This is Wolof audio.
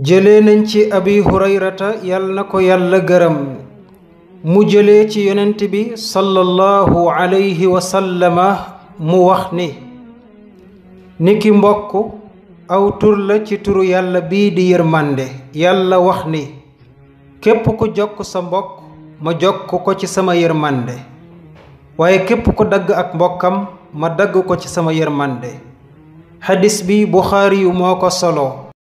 jëlee nañ ci abi hurayrata yàll na ko yàlla gëram mu jëlee ci yonent bi salallahu alayhi wa sallama mu wax ni niki mbokk aw tur la ci turu yàlla bii di yërmande yàlla wax ni képp ku jokk sa mbokk ma jokk ko ci sama yërmande waaye képp ku dagg ak mbokkam ma dagg ko ci sama yërmande xadis bi bouxaari yu moo ko soloo